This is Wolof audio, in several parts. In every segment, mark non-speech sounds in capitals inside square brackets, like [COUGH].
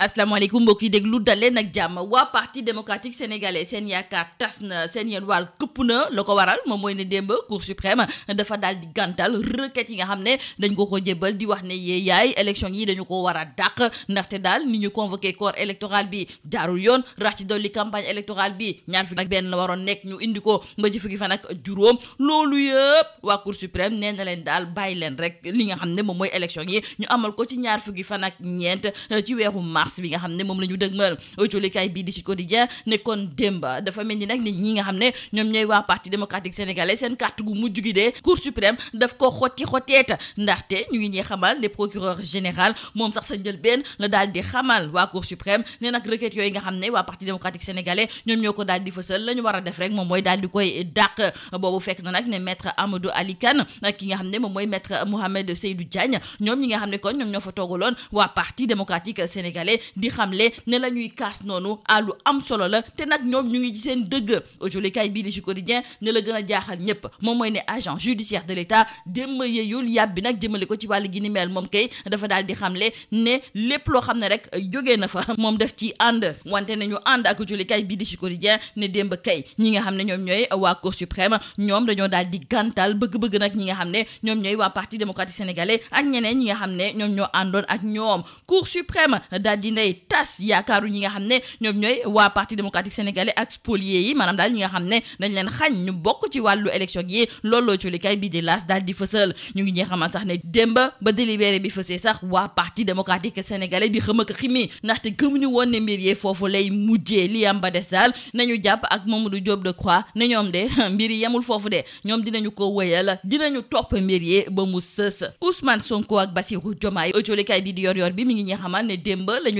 asalaamaaleykum mbokk yi déglu daleen ak jàmm waa parti démocratique sénégalais seen yaakaar tas na seen yéen wàll këpp na la ko waral moom mooy ne démb cour suprême dafa daal di gàntal requête yi nga xam ne dañ ko ko jébal di wax ne yee yaay élection yi dañu ko war a dàq ndaxte daal ni ñu convoqué corps électoral bi jaarul yoon rax ci dolli campagne électorale bi ñaar fi nag benn la waroon nekk ñu indi ko ba ci fukki fan ak juróom loolu yëpp waa cour suprême leen daal bàyyi leen rek li nga xam ne moom mooy élection yi ñu amal ko ci ñaar fukki fan ñeent ci weeru mars mars bi nga xam ne moom la ñu dëgmal julikaay bii di Sud Quotidien ne kon démba dafa mel ni nag nit ñi nga xam ne ñoom ñooy waa parti démocratique sénégalais seen carte gu mujj gi de ñoo a fa toogaloon waa parti démocratique sénégalais di xamle ne la ñuy kaas noonu àllu am solo la te nag ñoom ñu ngi ci seen dëgg aujourd'hui bii di ci quotidien ne la gën a jaaxal ñëpp moom mooy ne agent judiciaire de l'État démb yeeyul yàb bi nag jëmale ko ci wàllu gi moom kay dafa daal di xamle ne lépp loo xam ne rek jógee na fa moom def ci ànd wante nañu ànd ak aujourd'hui bii di ci quotidien ne démb kay ñi nga xam ne ñoom ñooy waa Cour suprême ñoom dañoo daal di bëgg-bëgg nag ñi nga xam ne ñoom ñooy waa parti démocratique sénégalais ak ñeneen ñi nga xam ne ñoom ñoo àndoon ak ñoom dinay tas yaakaaru ñi nga xam ne ñoom ñooy waa parti démocratique sénégalais ak spoliés yi maanaam daal ñi nga xam ne dañ leen xañ ñu bokk ci wàllu élection yi looloo colikay bi di laas daal di fësal ñu ngi ñee xamal sax ne démba ba délibéré bi fësee sax waa parti démocratique sénégalais di xam ak ndaxte gëmuñu woon ne mbir yee foofu lay mujjee li am ba des daal nañu jàpp ak du Mamadou Diop Decroix ne ñoom de [LAUGHS] mbir yi yemul foofu de ñoom dinañu ko la dinañu topp mbir yee ba mu sës Ousmane Sonko ak Bassirou Diomaye colikay bi di yor yor bi mu ngi ñee xamal ne démba lañu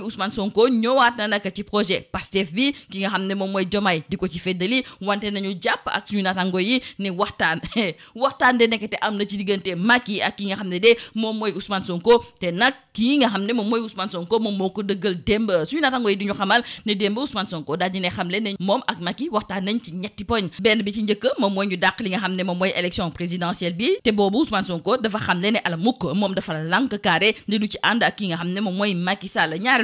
mooy projet Pastef bi moom mooy Jomaay di ko ci feddali wante nañu jàpp ak suñu naataango yi ne waxtaan [LAUGHS] waxtaan de nekkete am na ci diggante Macky ak ki nga xam ne de moom mooy Ousmane Sonko te nag kii nga xam ne moom mooy Ousmane Sonko moom moo ko dëggal démb suñu naataango yi di ñu xamal ne démb Ousmane Sonko daal di ne xamle ne moom ak Macky waxtaan nañ ci ñetti poñ benn bi ci njëkk moom mooy ñu li nga xam ne moom mooy élection présidentielle bi te boobu Ousmane Sonko dafa xam ne ala mukk moom dafa lànk carré ne du ci ànd ak ki nga xam ne moom mooy Macky Sall ñaar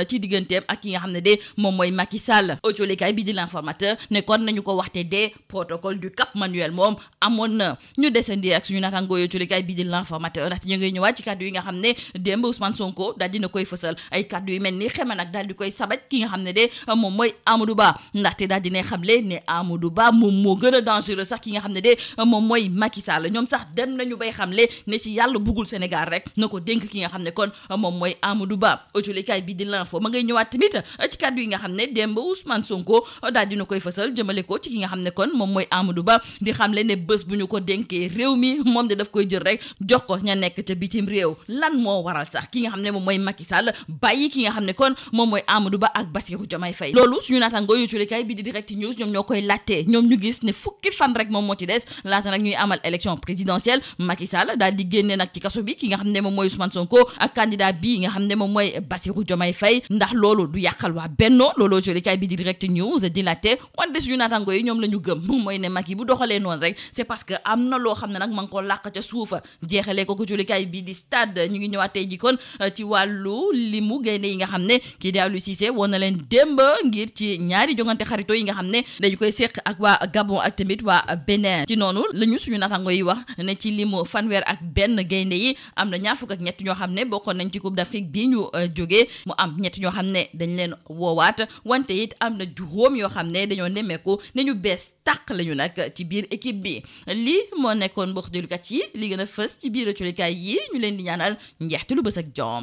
na ci digganteem ak ki nga xam ne de moom mooy Macky Sall ojolikaay bi di l'informateur ne kon nañu ko waxte na ñu descendi ak suñu naataangoo ojolikaay xam ne démb Ousmane Sonko daal dina koy fësal ay kàddu yu mel ni xema ne de moom mooy Amadou Ba ndaxte daal dina moo gën a dangereux sax ki nga xam ne de moom mooy Macky Sall ñoom sax dem nañu bay xamle ne ci yàlla bugul na ko dénk ki nga xam ne kon moom mooy Amadou Ba ojolikaay bi di l'informateur info ma ngay ñëwaat tamit eh, ci kàddu yi nga xam ne démb Ousmane Sonko eh, daal koy fësal jëmale ko ci nga xam ne kon moom mooy Amadou Ba di xamle ne bés bu ñu ko dénkee réew mi moom de daf koy jël rek jox ko ña nekk ca bitim réew lan moo waral sax ki nga xam ne moom mooy Macky Sall bàyyi ki nga xam ne kon moom mooy Amadou Ba ak Bassirou Diomaye Faye loolu suñu naataangoo yu culikay bi ñoo koy moom moo ci des laata nag ñuy amal élection présidentielle Macky Sall daal di génne nag ci kaso bi ki nga xam ne moom mooy Ousmane Sonko ak candidat bii nga xam ne moom mooy Bassirou Diomaye Faye tey ndax loolu du yàqal waa Benno looloo joli kaay bi di direct news di laajte wante suñu naatango yi ñoom la ñu gëm mooy ne Macky bu doxalee noonu rek c'est parce que am na loo ngi ko làq ca suufa jeexalee ko ko joli kaay bi di stade ñu euh, ci wàllu limu gaynde yi nga xam ne kii di Aliou Cissé woon na leen démb ngir ci ñaari jongante xarito yi nga xam ne dañu koy seq ak waa Gabon ak tamit waa benn ci noonu la ñu suñu naatango yi wax ne ci limu fanweer ak benn gaynde yi am na ñaa fukk ak ñett ñoo xam ne bokkoon nañ ci Coupe d'Afrique bi ñu euh, jógee ñett ñoo xam ne dañu leen woowaat wante it am na juróom yoo xam ne dañoo nemmeeku ne ñu bees tàq lañu nag ci biir équipe bi lii moo nekkoon mbokk déglukat yi li gën a fës ci biir a culikaay yi ñu leen di ñaanal njeexte lu bës ak jom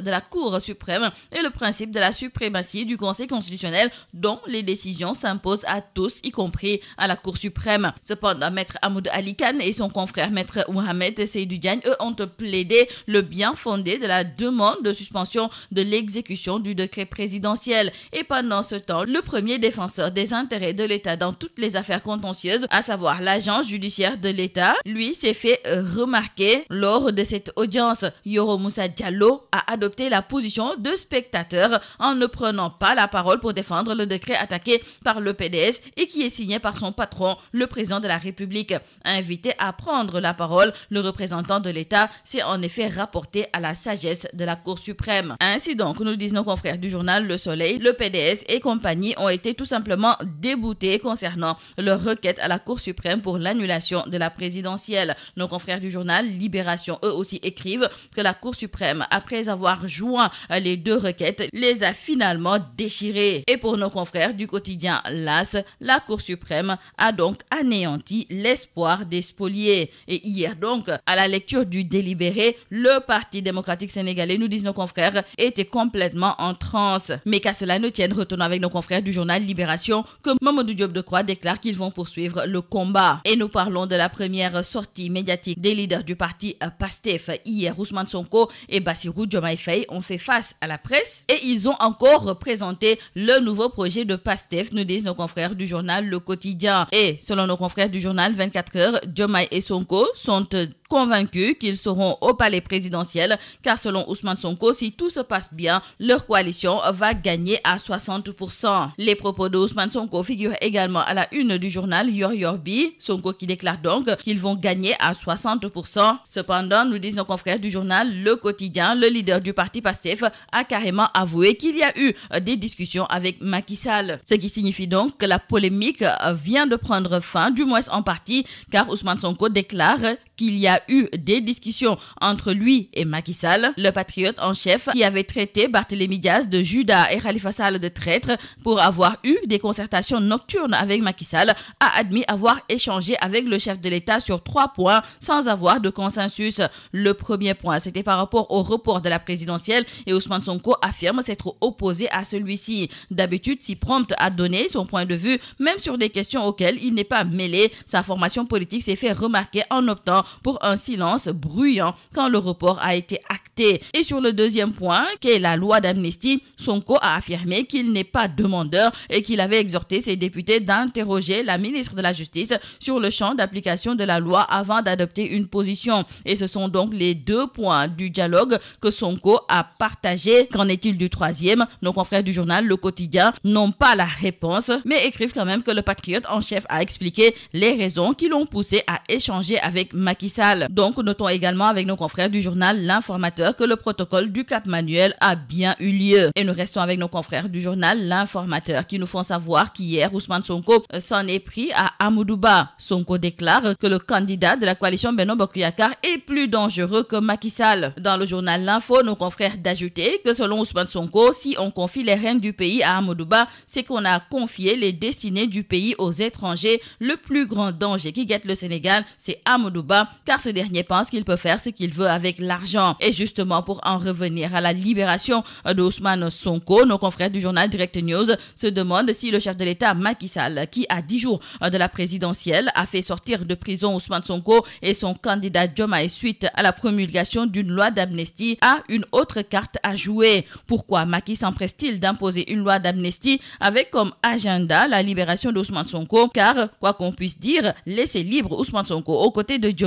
de la Cour suprême et le principe de la suprématie du Conseil constitutionnel dont les décisions s'imposent à tous, y compris à la Cour suprême. Cependant, Maître Hamoud Ali Khan et son confrère Maître Mohamed Seydou Diagne, eux, ont plaidé le bien fondé de la demande de suspension de l'exécution du décret présidentiel. Et pendant ce temps, le premier défenseur des intérêts de l'État dans toutes les affaires contentieuses, à savoir l'agence judiciaire de adopté la position de spectateur en ne prenant pas la parole pour défendre le décret attaqué par le PDS et qui est signé par son patron, le président de la République. Invité à prendre la parole, le représentant de l'État s'est en effet rapporté à la sagesse de la Cour suprême. Ainsi donc, nous disent nos confrères du journal Le Soleil, le PDS et compagnie ont été tout simplement déboutés concernant leur requête à la Cour suprême pour l'annulation de la présidentielle. parjoint euh, les deux requêtes les a finalement déchirées. Et pour nos confrères du quotidien LAS, la Cour suprême a donc anéanti l'espoir des spoliés. Et hier donc, à la lecture du délibéré, le Parti démocratique sénégalais, nous disent nos confrères, était complètement en transe. Mais qu'à cela ne tienne, retournons avec nos confrères du journal Libération que Mamadou Diop de Croix déclare qu'ils vont poursuivre le combat. Et nous parlons de la première sortie médiatique Faye ont fait à la presse et encore présenté le nouveau projet de PASTEF, nous disent nos confrères du journal Le Quotidien. Et selon nos confrères du journal 24 heures, convaincus qu'ils seront au palais présidentiel car selon Ousmane Sonko, si tout se passe bien, leur coalition va gagner à Les propos de Ousmane Sonko figurent également à la une du journal Yor Yorbi, Sonko qui déclare donc qu'ils vont gagner à 60%. Cependant, nous disent nos confrères du journal Le Quotidien, le leader du parti PASTEF a carrément avoué qu'il y a eu des discussions avec Macky ce qui signifie donc que la polémique vient de prendre fin, du moins en qu'il y a eu des discussions entre lui et Macky Sall, le patriote en chef, qui avait traité Barthélémy Diaz de Judas et Khalifa Sall de traître pour avoir eu des concertations nocturnes avec Macky a admis avoir échangé avec le chef de l'État sur trois points sans avoir de consensus. Le premier point, c'était par rapport au report de la présidentielle et Ousmane Sonko affirme s'être opposé à celui-ci. D'habitude, si prompte à donner son point de vue, même pour un silence bruyant quand le report a été acté. Et sur le deuxième point, qui est la loi d'amnistie, Sonko a affirmé qu'il n'est pas demandeur et qu'il avait exhorté ses députés d'interroger la ministre de la Justice sur le champ d'application de la loi avant d'adopter une position. Et ce sont donc les deux points du dialogue que Sonko a partagé. Qu'en est-il du troisième Nos confrères du journal Le Quotidien n'ont pas la réponse, mais écrivent Macky Sall. Donc, notons également avec nos confrères du journal L'Informateur que le protocole du Cap Manuel a bien eu lieu. Et nous restons avec nos confrères du journal L'Informateur qui nous font savoir qu'hier, Ousmane Sonko euh, s'en pris à Amoudouba. Sonko déclare que le candidat de la coalition Beno Bokuyakar est plus dangereux que Macky Dans le journal L'Info, nos confrères d'ajouter que selon Ousmane Sonko, si on confie les rênes du pays à Amoudouba, c'est qu'on a Sall, car ce dernier pense qu'il peut faire ce qu'il veut avec l'argent. Et justement, pour en revenir à la libération d'Ousmane Sonko, nos confrères du journal Direct News se demandent si le chef de l'État, Macky Sall, qui à 10 jours de la présidentielle a fait sortir de prison Ousmane Sonko et son candidat Diomaye suite à la promulgation d'une loi d'amnistie, a une autre carte à jouer. Pourquoi Macky s'empresse-t-il d'imposer une loi d'amnistie avec comme agenda de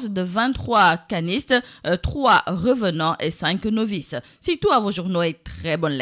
provenance de 23 canistes, 3 euh, revenants et 5 novices. C'est tout à vos journaux et très bonne